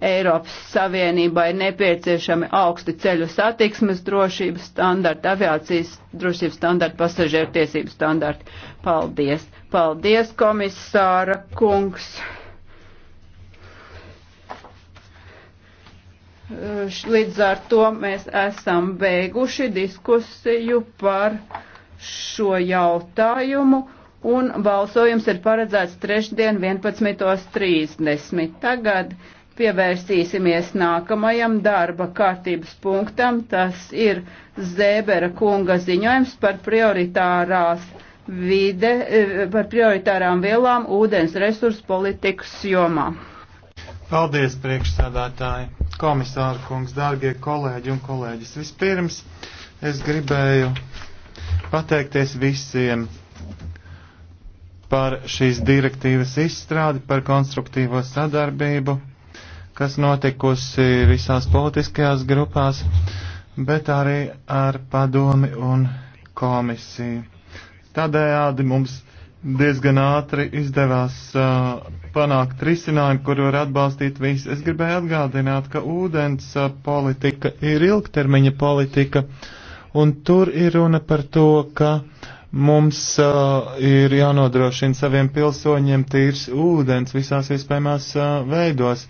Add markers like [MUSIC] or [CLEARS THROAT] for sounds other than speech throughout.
Eiropas Savienībai nepieciešami augsti ceļu satiksmes drošības standarti, aviācijas drošības standarti, pasažieru tiesību standarti. Paldies! Paldies, komisāra kungs! Līdz ar to mēs esam beiguši diskusiju par šo jautājumu un balsojums ir paredzēts trešdien 11.30. Tagad pievērsīsimies nākamajam darba kārtības punktam. Tas ir Zēbera kunga ziņojums par prioritārās vide, eh, par prioritārām vielām ūdens resursu politikas jomā. Paldies, priekšsādātāji, komisāra kungs, dārgie kolēģi un kolēģis. Vispirms es gribēju pateikties visiem par šīs direktīvas izstrādi, par konstruktīvo sadarbību kas notikusi visās politiskajās grupās, bet arī ar padomi un komisiju. Tādējādi mums diezgan ātri izdevās uh, panākt risinājumu, kuru var atbalstīt visi. Es gribēju atgādināt, ka ūdens uh, politika ir ilgtermiņa politika, un tur ir runa par to, ka uh, Mums uh, ir jānodrošina saviem pilsoņiem tīrs ūdens visās iespējamās uh, veidos,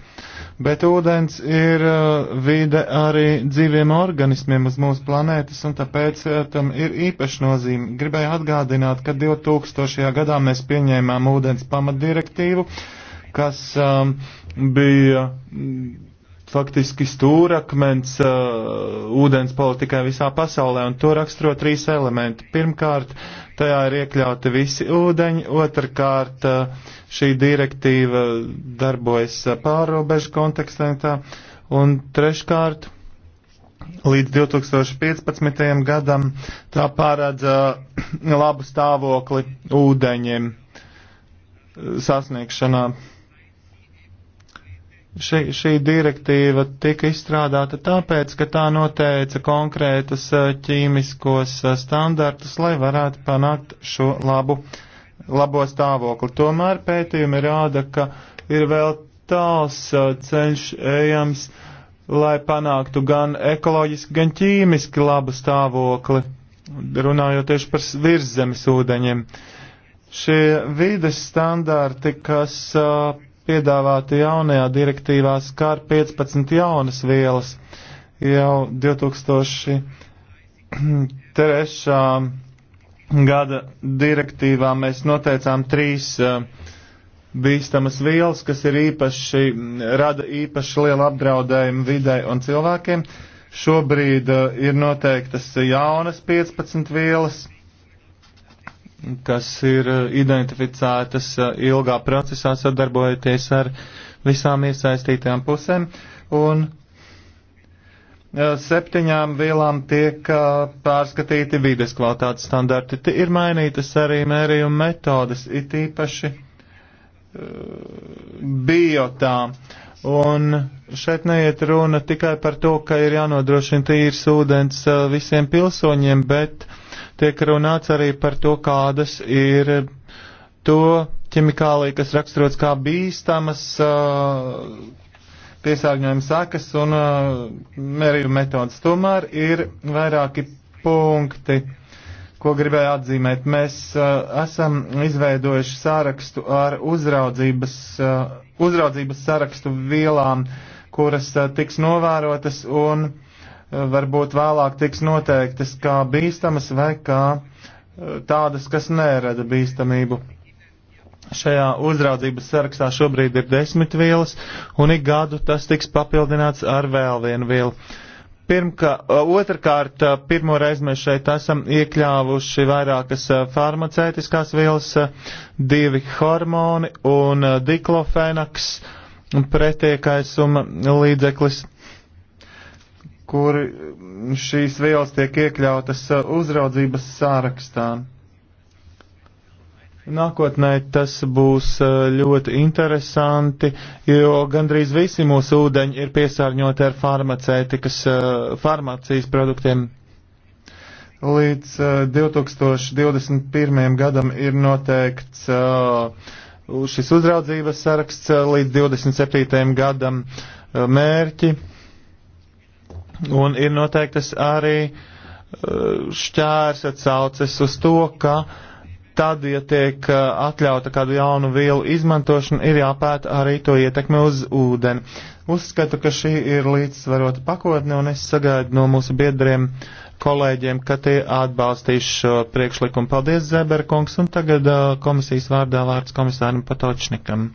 bet ūdens ir uh, vide arī dzīviem organismiem uz mūsu planētas, un tāpēc uh, tam ir īpaši nozīme. Gribēju atgādināt, ka 2000. gadā mēs pieņēmām ūdens pamatdirektīvu, kas um, bija. Mm, faktiski stūrakmens uh, ūdens politikai visā pasaulē, un to raksturo trīs elementi. Pirmkārt, tajā ir iekļauti visi ūdeņi, otrkārt, uh, šī direktīva darbojas pārobežu kontekstā, un treškārt, līdz 2015. gadam tā pārādz uh, labu stāvokli ūdeņiem sasniegšanā. Šī, šī direktīva tika izstrādāta tāpēc, ka tā noteica konkrētus ķīmiskos standartus, lai varētu panākt šo labu, labo stāvokli. Tomēr pētījumi rāda, ka ir vēl tāls ceļš ejams, lai panāktu gan ekoloģiski, gan ķīmiski labu stāvokli, runājot tieši par virszemes ūdeņiem. Šie vides standarti, kas uh, piedāvāti jaunajā direktīvā skar 15 jaunas vielas. Jau 2003. [CLEARS THROAT] gada direktīvā mēs noteicām trīs eh, bīstamas vielas, kas ir īpaši, rada īpaši lielu apdraudējumu videi un cilvēkiem. Šobrīd eh, ir noteiktas jaunas 15 vielas kas ir eh, identificētas eh, ilgā procesā sadarbojoties ar visām iesaistītām pusēm. Un eh, septiņām vielām tiek pārskatīti vides kvalitātes standarti. Te ir mainītas arī mērījuma metodas, it īpaši biotā. Un šeit neiet runa tikai par to, ka ir jānodrošina tīrs ūdens visiem pilsoņiem, bet uh, tiek runāts arī par to, kādas ir to ķemikālija, kas raksturots kā bīstamas piesārņojuma sakas un mērījuma metodas. Tomēr ir vairāki punkti, ko gribēju atzīmēt. Mēs esam izveidojuši sārakstu ar uzraudzības, uzraudzības sarakstu vielām, kuras tiks novērotas un varbūt vēlāk tiks noteiktas kā bīstamas vai kā eh, tādas, kas nerada bīstamību. Šajā uzraudzības sarakstā šobrīd ir desmit vielas, un ik gadu tas tiks papildināts ar vēl vienu vielu. Pirmka, eh, otrkārt, eh, pirmo reizi mēs šeit esam iekļāvuši vairākas farmacētiskās vielas, divi hormoni un diklofenaks pretiekaisuma līdzeklis kur mm, šīs vielas tiek iekļautas uh, uzraudzības sārakstā. Nākotnē tas būs uh, ļoti interesanti, jo gandrīz visi mūsu ūdeņi ir piesārņoti ar farmacētikas, uh, farmācijas produktiem. Līdz 2021. gadam ir noteikts šis uzraudzības saraksts, līdz 2027. gadam mērķi Un ir noteiktas arī eh, šķērs atsauces uz to, ka tad, ja tiek eh, atļauta kādu jaunu vielu izmantošana, ir jāpēta arī to ietekme uz ūdeni. Uzskatu, ka šī ir līdzsvarota pakotne, un es sagaidu no mūsu biedriem kolēģiem, ka tie atbalstīs šo priekšlikumu. Paldies, Zeberkungs, un tagad eh, komisijas vārdā vārds komisāram Patočnikam.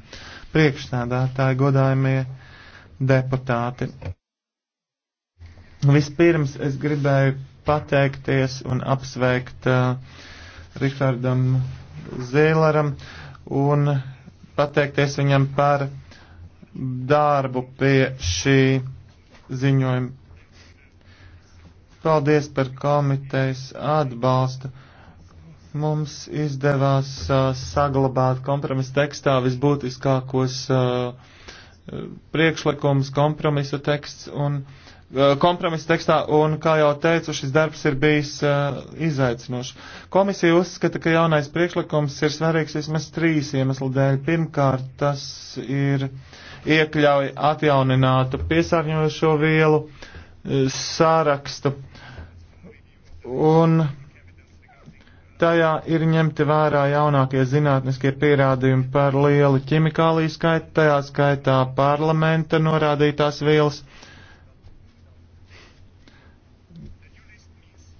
Priekšsēdētāji, godājumie deputāti. Vispirms es gribēju pateikties un apsveikt uh, Rihardam Zēlaram un pateikties viņam par darbu pie šī ziņojuma. Paldies par komitejas atbalstu. Mums izdevās uh, saglabāt kompromisa tekstā visbūtiskākos uh, priekšlikums, kompromisa teksts, un Eh, kompromisa tekstā, un, kā jau teicu, šis darbs ir bijis uh, izaicinošs. Komisija uzskata, ka jaunais priekšlikums ir svarīgs vismaz trīs iemeslu dēļ. Pirmkārt, tas ir iekļauj atjauninātu piesārņojošo vielu eh, sārakstu, un tajā ir ņemti vērā jaunākie zinātniskie pierādījumi par lielu ķimikāliju skaitu, tajā skaitā parlamenta norādītās vielas. Uh,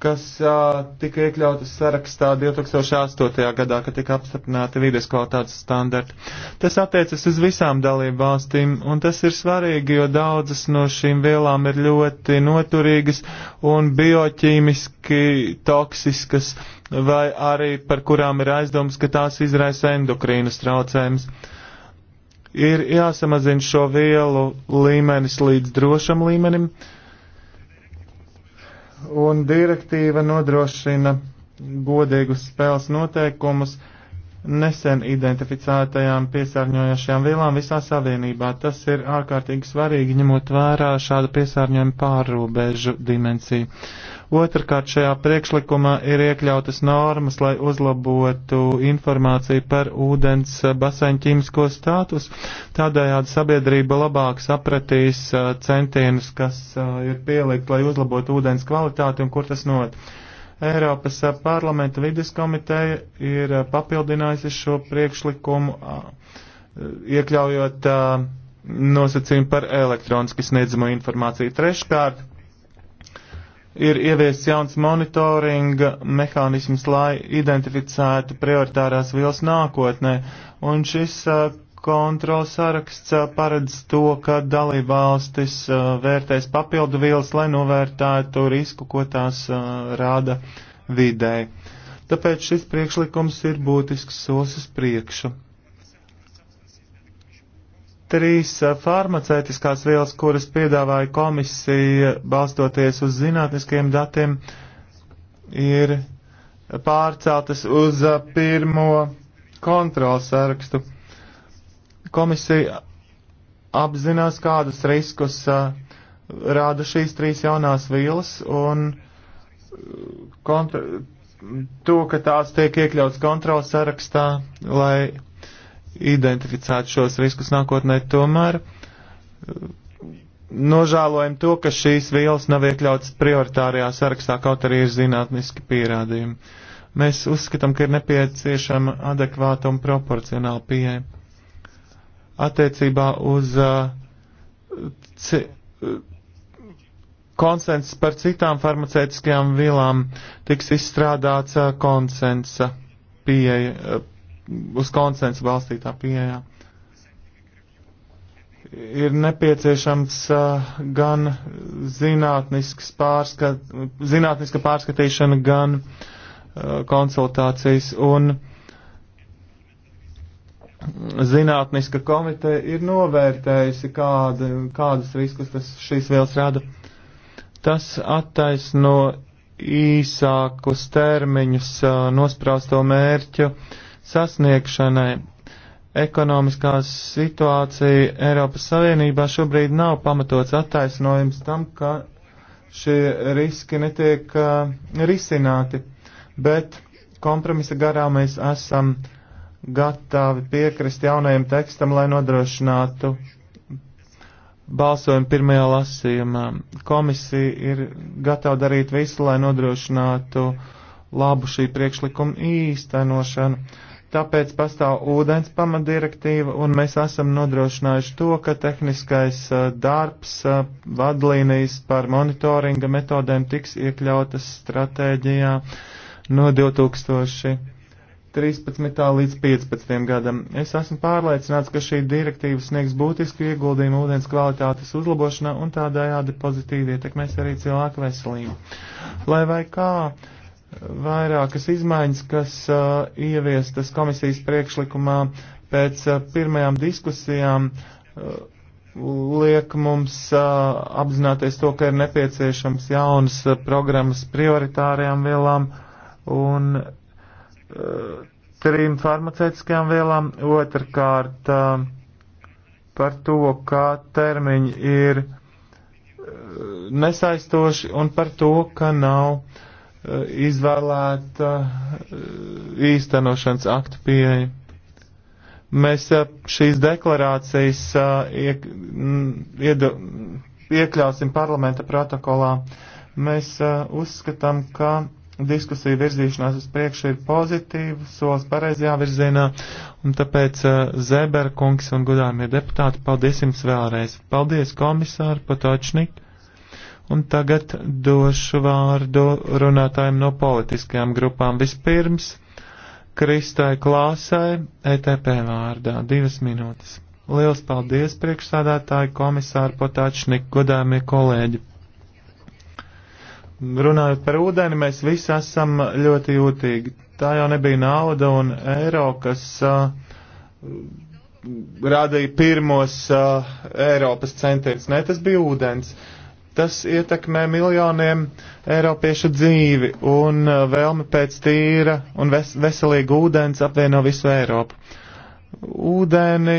kas uh, tika iekļautas sarakstā 2008. gadā, kad tika apstiprināti vides kvalitātes standarti. Tas attiecas uz visām dalību valstīm, un tas ir svarīgi, jo daudzas no šīm vielām ir ļoti noturīgas un bioķīmiski toksiskas, vai arī par kurām ir aizdoms, ka tās izraisa endokrīnas traucējumus. Ir jāsamazina šo vielu līmenis līdz drošam līmenim. Uh, un direktīva nodrošina godīgus spēles noteikumus nesen identificētajām piesārņojošajām vielām visā savienībā. Tas ir ārkārtīgi svarīgi, ņemot vērā šādu piesārņojumu pārrobežu dimensiju. Otrakārt šajā priekšlikumā ir iekļautas normas, lai uzlabotu informāciju par ūdens eh, baseņu ķīmisko status. Tādējādi sabiedrība labāk sapratīs eh, centienus, kas eh, ir pielikt, lai uzlabotu ūdens kvalitāti un kur tas not. Eiropas parlamenta vides komiteja ir papildinājusi šo priekšlikumu, iekļaujot nosacījumu par elektroniski sniedzamo informāciju. Treškārt, ir ieviests jauns monitoringa mehānisms, lai identificētu prioritārās vielas nākotnē. Un šis uh, kontrols saraksts uh, paredz to, ka dalībvalstis uh, vērtēs papildu vielas, lai novērtētu risku, ko tās rāda vidē. Tāpēc šis priekšlikums ir būtisks solis uz priekšu. Trīs eh, farmaceitiskās vielas, kuras piedāvāja komisija balstoties uz zinātniskiem datiem, ir pārceltas uz eh, pirmo kontrols sarakstu. Komisija apzinās, kādus riskus eh, rāda šīs trīs jaunās vielas un kontra, to, ka tās tiek iekļauts kontrols sarakstā, lai identificēt šos riskus nākotnē, tomēr eh, nožēlojam to, ka šīs vielas nav iekļautas prioritārajā sarakstā, kaut arī ir zinātniski pierādījumi. Mēs uzskatām, ka ir nepieciešama adekvāta un proporcionāla pieeja. Attiecībā uz uh, konsensus par citām farmaceitiskajām vielām tiks izstrādāts uh, konsensa pieeja, uh, uz konsensu balstītā pieejā. Ir nepieciešams uh, gan pārskat, zinātniska pārskatīšana, gan uh, konsultācijas, un zinātniska komiteja ir novērtējusi, kāda, kādas riskus tas šīs vielas rada. Tas attaisno īsākus termiņus uh, nospraustu mērķu uh, sasniegšanai. Ekonomiskā situācija Eiropas Savienībā šobrīd nav pamatots attaisnojums tam, ka šie riski netiek uh, risināti, bet kompromisa garā mēs esam gatavi piekrist jaunajam tekstam, lai nodrošinātu balsojumu pirmajā lasījumā. Komisija ir gatava darīt visu, lai nodrošinātu uh, labu šī priekšlikuma īstenošanu. Tāpēc pastāv ūdens pamatdirektīva, un mēs esam nodrošinājuši to, ka tehniskais darbs, vadlīnijas par monitoringa metodēm tiks iekļautas stratēģijā no 2013. līdz 2015. gadam. Es esmu pārliecināts, ka šī direktīva sniegs būtisku ieguldījumu ūdens kvalitātes uzlabošanā un tādējādi pozitīvi ietekmēs arī cilvēku veselību. Lai vai kā, uh, vairākas izmaiņas, kas uh, ieviestas komisijas priekšlikumā pēc uh, pirmajām diskusijām, uh, liek mums uh, apzināties to, ka ir nepieciešams jaunas uh, programmas prioritārajām vielām un uh, trim farmaceitiskajām vielām. Otrkārt, uh, par to, kā termiņi ir uh, nesaistoši un par to, ka nav uh, Eh, izvēlēta eh, īstenošanas aktu pieeja. Mēs eh, šīs deklarācijas iek, ied, iekļausim parlamenta protokolā. Mēs uzskatām, ka diskusija virzīšanās uz priekšu ir pozitīva, solis pareizajā virzienā, un tāpēc Zēberkungs un gudāmie deputāti, paldies jums vēlreiz. Paldies komisāru Patočniku. Un tagad došu vārdu runātājiem no politiskajām grupām. Vispirms Kristai Klāsai, ETP vārdā, divas minūtes. Liels paldies priekšsādātāji komisāri Potāčnik, godāmie kolēģi. Runājot par ūdeni, mēs visi esam ļoti jūtīgi. Tā jau nebija nauda un eiro, kas uh, radīja pirmos uh, Eiropas centienus. Nē, tas bija ūdens. Uh, Tas ietekmē miljoniem eiropiešu dzīvi un uh, vēlme pēc tīra un ves veselīga ūdens apvieno visu Eiropu. Ūdeni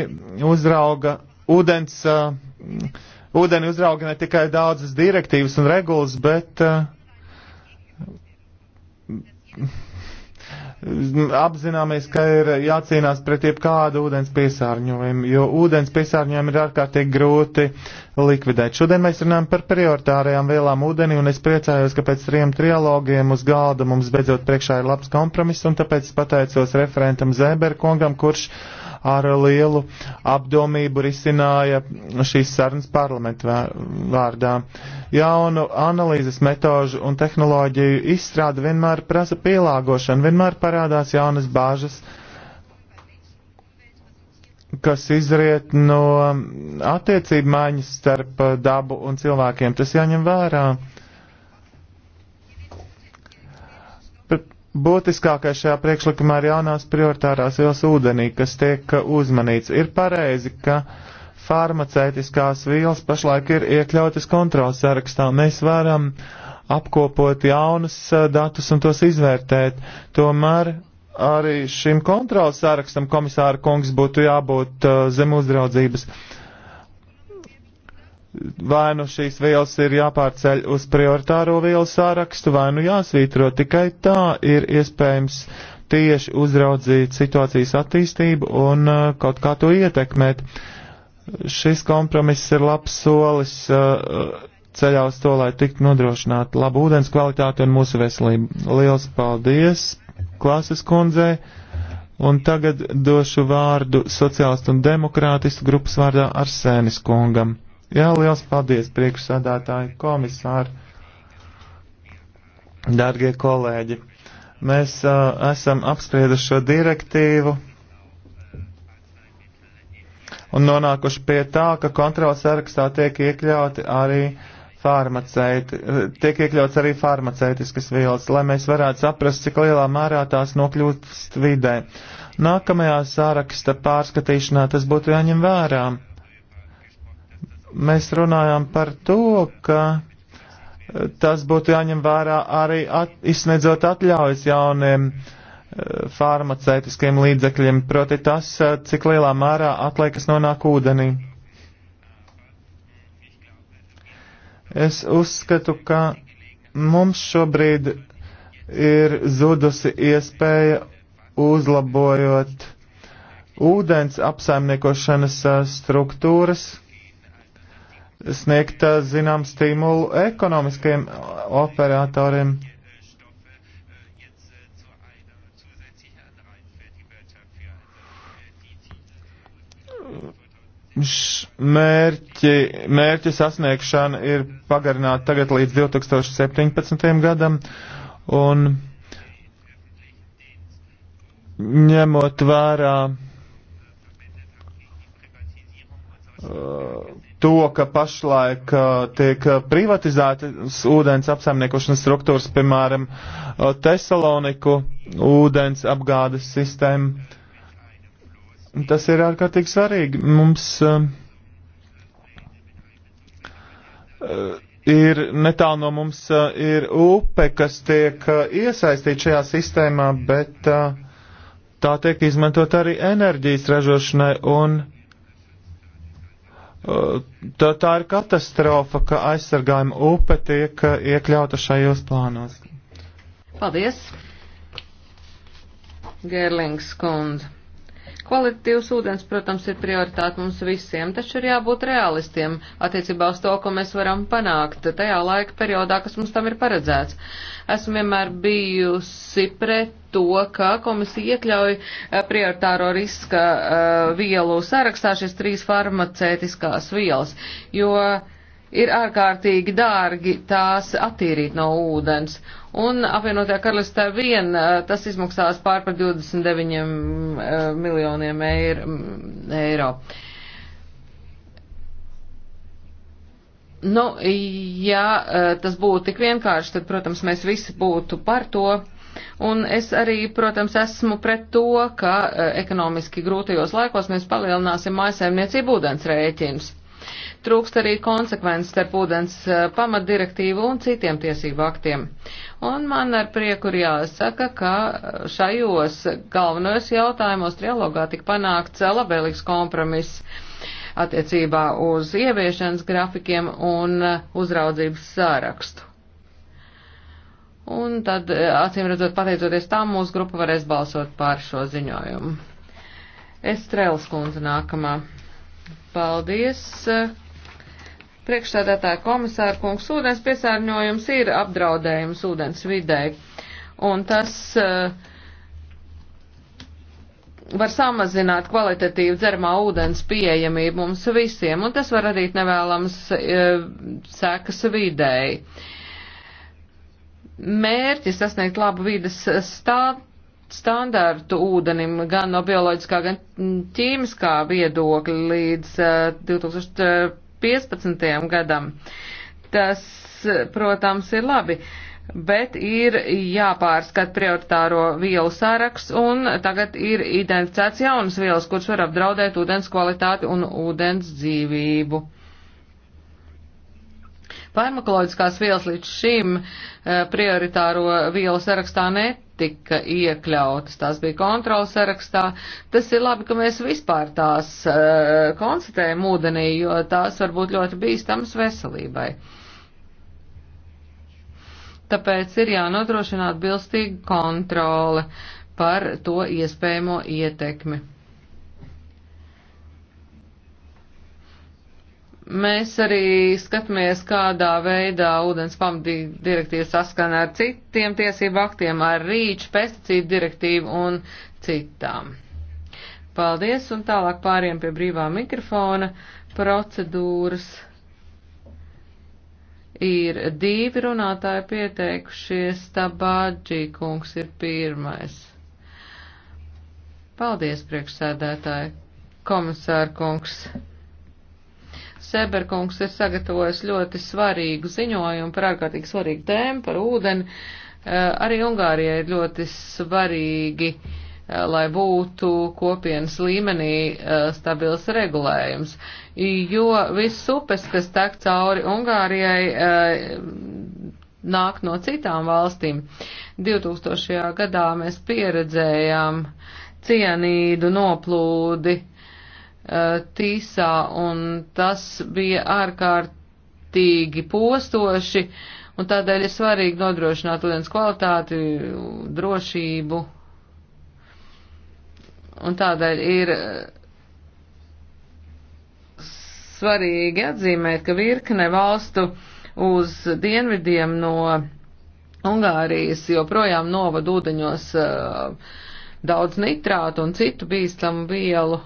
uzrauga, ūdens, uh, ūdeni uzrauga ne tikai daudzas direktīvas un regulas, bet uh, apzināmies, ka ir jācīnās pret jebkādu ūdens piesārņojumu, jo ūdens piesārņojumu ir ārkārtīgi grūti likvidēt. Šodien mēs runājam par prioritārajām vielām ūdeni, un es priecājos, ka pēc trim trialogiem uz galda mums beidzot priekšā ir labs kompromiss, un tāpēc pateicos referentam Zēberkongam, kurš ar lielu apdomību risināja šīs sarunas parlamentu vārdā. Jaunu analīzes metožu un tehnoloģiju izstrāde vienmēr prasa pielāgošanu, vienmēr parādās jaunas bāžas kas izriet no attiecību maiņas starp dabu un cilvēkiem. Tas jāņem vērā. Būtiskākais šajā priekšlikumā ir jaunās prioritārās vielas ūdenī, kas tiek uzmanīts. Ir pareizi, ka farmaceitiskās vielas pašlaik ir iekļautas kontrols sarakstā. Mēs varam apkopot jaunus datus un tos izvērtēt. Tomēr arī šim kontrols sārakstam komisāra kungs būtu jābūt uh, zem uzraudzības. Vai nu šīs vielas ir jāpārceļ uz prioritāro vielu sārakstu, vai nu jāsvītro. Tikai tā ir iespējams tieši uzraudzīt situācijas attīstību un uh, kaut kā to ietekmēt. Šis kompromiss ir labs solis uh, ceļā uz to, lai tiktu nodrošināta laba ūdens kvalitāte un mūsu veselība. Liels paldies! klāsas kundzei. Un tagad došu vārdu sociālistu un demokrātistu grupas vārdā Arsēnis kungam. Jā, liels paldies priekšsādātāji komisāri, dārgie kolēģi. Mēs uh, esam apsprieduši šo direktīvu un nonākuši pie tā, ka kontrols sarakstā tiek iekļauti arī uh, farmaceiti, tiek iekļauts arī farmaceitiskas vielas, lai mēs varētu saprast, cik lielā mērā tās nokļūst vidē. Nākamajā sāraksta pārskatīšanā tas būtu jāņem vērā. Mēs runājām par to, ka e, tas būtu jāņem vērā arī at, izsniedzot atļaujas jauniem e, farmaceitiskiem līdzekļiem, proti tas, e, cik lielā mērā atliekas nonāk ūdenī. Es uzskatu, ka mums šobrīd ir zudusi iespēja uzlabojot ūdens apsaimniekošanas eh, struktūras, sniegt eh, zinām stimulu ekonomiskajiem operatoriem. mērķi, mērķi sasniegšana ir pagarināta tagad līdz 2017. gadam, un ņemot vērā uh, to, ka pašlaik uh, tiek privatizētas ūdens apsaimniekošanas struktūras, piemēram, uh, Tesaloniku ūdens apgādes sistēma Tas ir ārkārtīgi svarīgi. Mums uh, ir netālu no mums uh, ir upe, kas tiek uh, iesaistīta šajā sistēmā, bet uh, tā tiek izmantot arī enerģijas ražošanai un Tā, tā ir katastrofa, ka aizsargājuma upe tiek iekļauta šajos plānos. Paldies! Gerlings kundze. Kvalitīvs ūdens, protams, ir prioritāte mums visiem, taču ir jābūt realistiem attiecībā uz to, ko mēs varam panākt tajā laika periodā, kas mums tam ir paredzēts. Esmu vienmēr bijusi pret to, ka komisija iekļauj eh, prioritāro riska uh, vielu sarakstā šīs trīs farmacētiskās vielas, jo ir ārkārtīgi dārgi tās attīrīt no ūdens. Un apvienotajā karalistē vien eh, tas izmaksās pār par 29 eh, miljoniem eiro. Nu, ja eh, tas būtu tik vienkārši, tad, protams, mēs visi būtu par to. Un es arī, protams, esmu pret to, ka ekonomiski grūtajos laikos mēs palielināsim mājasēmniecību ūdens rēķinus. Trūkst arī konsekvences starp ūdens eh, pamatdirektīvu un citiem tiesību aktiem. Un man ar prieku ir jāsaka, ka eh, šajos galvenajos jautājumos trialogā tik panākts eh, labvēlīgs kompromiss attiecībā uz ieviešanas grafikiem un uzraudzības sārakstu. Un tad, acīm redzot, pateicoties tam, mūsu grupa varēs balsot pār šo ziņojumu. Estrēlas kundze nākamā. Paldies. Eh, Priekšstādātāja komisāra kungs, ūdens piesārņojums ir apdraudējums ūdens videi. Un tas uh, var samazināt kvalitatīvu dzermā ūdens pieejamību mums visiem, un tas var radīt nevēlams e, eh, sekas vidēji. Mērķis sasniegt labu vides stāvokli standārtu ūdenim gan no bioloģiskā, gan ķīmiskā viedokļa līdz 2015. Eh, gadam. Tas, eh, protams, ir labi, bet ir jāpārskat prioritāro vielu sāraks un tagad ir identificēts jaunas vielas, kuras var apdraudēt ūdens kvalitāti un ūdens dzīvību. Farmakoloģiskās vielas līdz šim eh, prioritāro vielu sarakstā netika iekļautas, tās bija kontrolas sarakstā. Tas ir labi, ka mēs vispār tās eh, konstatējam ūdenī, jo tās var būt ļoti bīstamas veselībai. Tāpēc ir jānodrošina atbilstīga kontrole par to iespējamo ietekmi. Mēs arī skatāmies, kādā veidā ūdens pamatīgi direktīva saskana ar citiem tiesību aktiem, ar rīču, pesticīdu direktīvu un citām. Paldies, un tālāk pāriem pie brīvā mikrofona procedūras. Ir divi runātāji pieteikušies, tabāģī kungs ir pirmais. Paldies, priekšsēdētāji, komisāra kungs. Seberkungs ir sagatavojis ļoti svarīgu ziņojumu par ārkārtīgi svarīgu tēmu par ūdeni. Eh, arī Ungārijai ir ļoti svarīgi, eh, lai būtu kopienas līmenī eh, stabils regulējums, jo viss upes, kas tek cauri Ungārijai, nāk no citām valstīm. 2000. gadā mēs pieredzējām cienīdu noplūdi Eh, tīsā, un tas bija ārkārtīgi postoši, un tādēļ ir svarīgi nodrošināt ūdens kvalitāti, drošību, un tādēļ ir eh, svarīgi atzīmēt, ka virkne valstu uz dienvidiem no Ungārijas joprojām novada ūdeņos uh, daudz nitrātu un citu bīstamu vielu.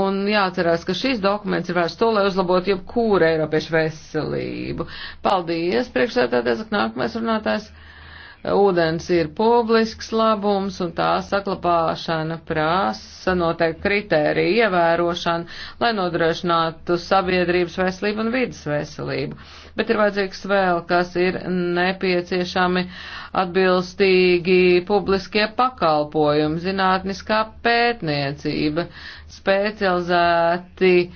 Un jāatcerās, ka šis dokuments ir vērsts to, lai uzlabotu jebkuru Eiropiešu veselību. Paldies, priekšsēdētājs, ka nākamais runātājs. Ūdens ir publisks labums un tā saklabāšana prasa noteikti kritēriju ievērošanu, lai nodrošinātu sabiedrības veselību un vidas veselību bet ir vajadzīgs vēl, kas ir nepieciešami atbilstīgi publiskie pakalpojumi, zinātniskā pētniecība, specializēti eh,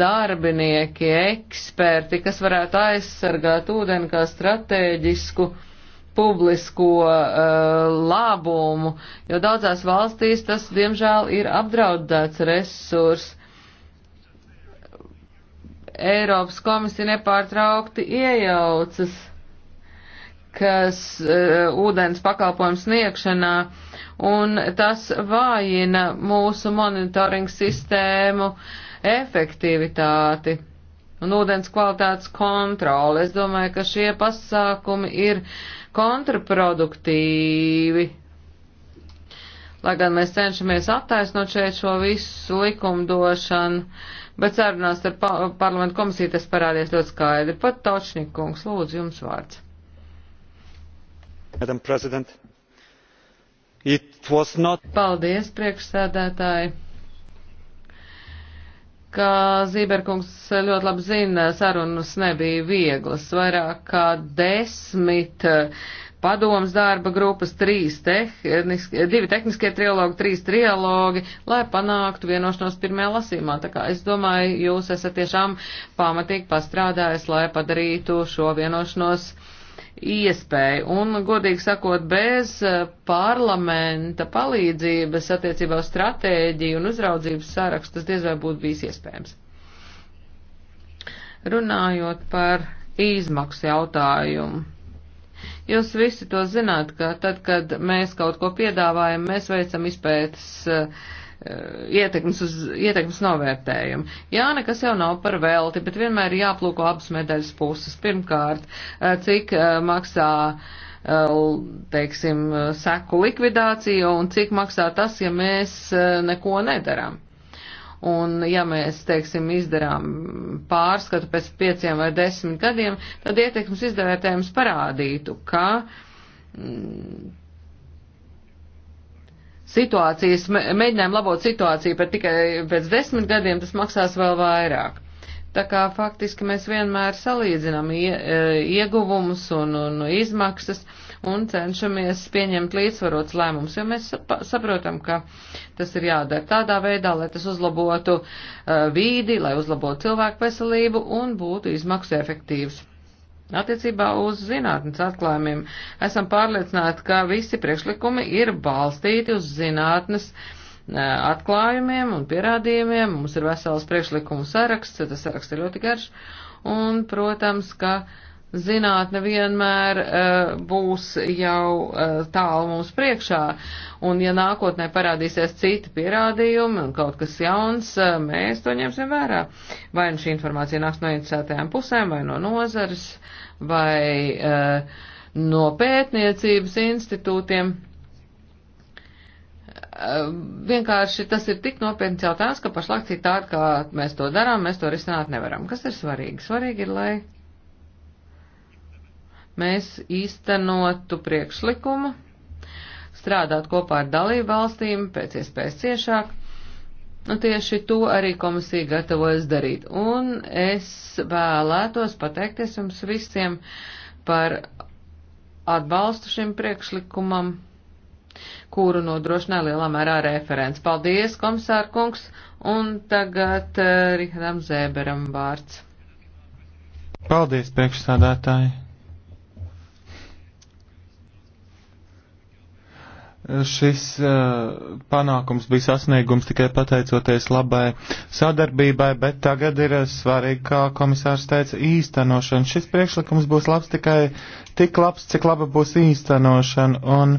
darbinieki, eksperti, kas varētu aizsargāt ūdeni kā stratēģisku publisko uh, labumu, jo daudzās valstīs tas, diemžēl, ir apdraudēts resurs. Eiropas komisija nepārtraukti iejaucas, kas uh, ūdens pakalpojums sniegšanā, un tas vājina mūsu monitoringu sistēmu efektivitāti un ūdens kvalitātes kontroli. Es domāju, ka šie pasākumi ir kontraproduktīvi lai gan mēs cenšamies attaisnot šeit šo visu likumdošanu, bet sarunās ar pa parlamentu komisiju tas parādīs ļoti skaidri. Pat Točnikungs, lūdzu, jums vārds. Not... Paldies, priekšsēdētāji. Kā Zīberkungs ļoti labi zina, sarunas nebija vieglas. Vairāk kā desmit uh, padomas darba grupas, trīs tehniski, divi tehniskie trilogi, trīs trilogi, lai panāktu vienošanos pirmajā lasīmā. Tā kā es domāju, jūs esat tiešām pamatīgi pastrādājis, lai padarītu šo vienošanos iespēju. Un, godīgi sakot, bez eh, parlamenta palīdzības attiecībā uz stratēģiju un uzraudzības sārakstu tas diez vai būtu bijis iespējams. Runājot par izmaksu jautājumu Jūs visi to zināt, ka tad, kad mēs kaut ko piedāvājam, mēs veicam izpētes uh, ietekmes, uz, ietekmes novērtējumu. Jā, nekas jau nav par velti, bet vienmēr ir jāplūko abas medaļas puses. Pirmkārt, eh, cik uh, maksā, uh, teiksim, seku likvidācija un cik maksā tas, ja mēs neko nedaram. Un ja mēs, teiksim, izdarām pārskatu pēc pieciem vai desmit gadiem, tad ietekmes izvērtējums parādītu, ka mm, situācijas, mēģinājumu labot situāciju pēc tikai pēc desmit gadiem, tas maksās vēl vairāk. Tā kā faktiski mēs vienmēr salīdzinām ie, e, ieguvumus un, un izmaksas. Uh, un cenšamies pieņemt līdzsvarots lēmums, jo mēs saprotam, ka tas ir jādara tādā veidā, lai tas uzlabotu vīdi, lai uzlabotu cilvēku veselību un būtu izmaksu efektīvs. Attiecībā uz zinātnes atklājumiem esam pārliecināti, ka visi priekšlikumi ir balstīti uz zinātnes atklājumiem un pierādījumiem. Mums ir vesels priekšlikumu saraksts, tas saraksts ir ļoti garš. Un, protams, ka uh, zinātne vienmēr uh, būs jau uh, tālu mums priekšā, un ja nākotnē parādīsies citi pierādījumi un kaut kas jauns, uh, mēs to ņemsim vērā. Vai nu šī informācija nāks no interesētajām pusēm, vai no nozares, vai uh, no pētniecības institūtiem. Uh, vienkārši tas ir tik nopietns jautājums, ka pašlaik citādi, kā mēs to darām, mēs to risināt nevaram. Kas ir svarīgi? Svarīgi ir, lai mēs īstenotu priekšlikumu, strādāt kopā ar dalību valstīm pēc iespējas ciešāk. Nu, tieši to arī komisija gatavojas darīt. Un es vēlētos pateikties jums visiem par atbalstu šim priekšlikumam, kuru nodrošināja lielā mērā referents. Paldies, komisāra kungs, un tagad uh, eh, Rihardam Zēberam vārds. Paldies, priekšsādātāji! Šis eh, panākums bija sasniegums tikai pateicoties labai sadarbībai, bet tagad ir svarīgi, kā komisārs teica, īstenošana. Šis priekšlikums būs labs tikai tik labs, cik laba būs īstenošana. Un,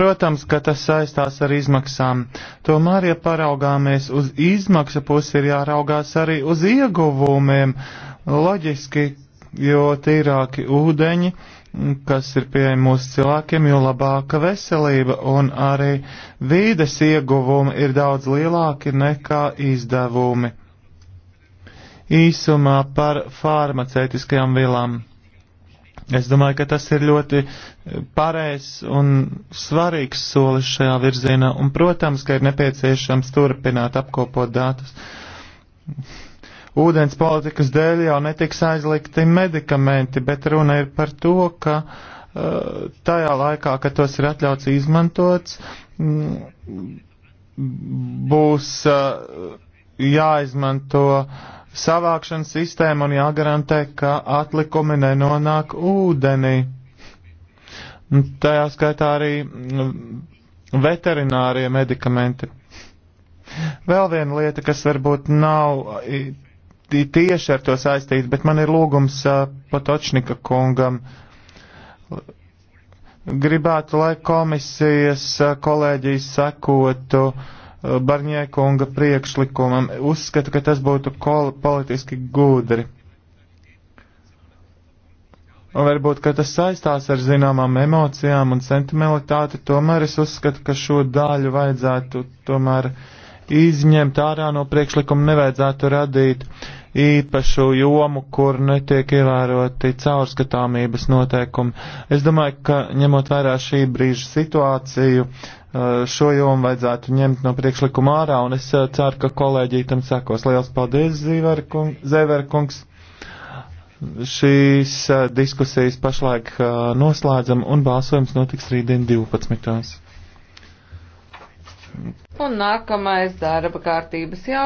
protams, ka tas saistās ar izmaksām. Tomēr, ja paraugāmies uz izmaksu pusi, ir jāraugās arī uz ieguvumiem. Loģiski, jo tīrāki ūdeņi kas ir pieejami mūsu cilvēkiem, jo labāka veselība un arī vīdes ieguvumi ir daudz lielāki nekā izdevumi. Īsumā par farmaceitiskajām vielām. Es domāju, ka tas ir ļoti pareizs un svarīgs solis šajā virzienā, un, protams, ka ir nepieciešams turpināt apkopot datus ūdens politikas dēļ jau netiks aizlikti medikamenti, bet runa ir par to, ka uh, tajā laikā, kad tos ir atļauts izmantots, mm, būs uh, jāizmanto savākšanas sistēma un jāgarantē, ka atlikumi nenonāk ūdenī. Un tajā skaitā arī mm, veterinārie medikamenti. Vēl viena lieta, kas varbūt nav tieši ar to saistīti, bet man ir lūgums uh, Patočnika kungam. Gribētu, lai komisijas uh, kolēģijas sekotu uh, Barņēkunga priekšlikumam. Uzskatu, ka tas būtu politiski gudri. Un varbūt, ka tas saistās ar zināmām emocijām un sentimentalitāti, tomēr es uzskatu, ka šo daļu vajadzētu tomēr uh, izņemt ārā no priekšlikuma nevajadzētu radīt īpašu jomu, kur netiek ievēroti caurskatāmības noteikumi. Es domāju, ka ņemot vērā šī brīža situāciju, eh, šo jomu vajadzētu ņemt no priekšlikuma ārā, un es eh, ceru, ka kolēģi tam sekos. Liels paldies, Zēverkungs! Šīs eh, diskusijas pašlaik noslēdzam, un balsojums notiks rītdien 12. Un nākamais darba kārtības jautājums.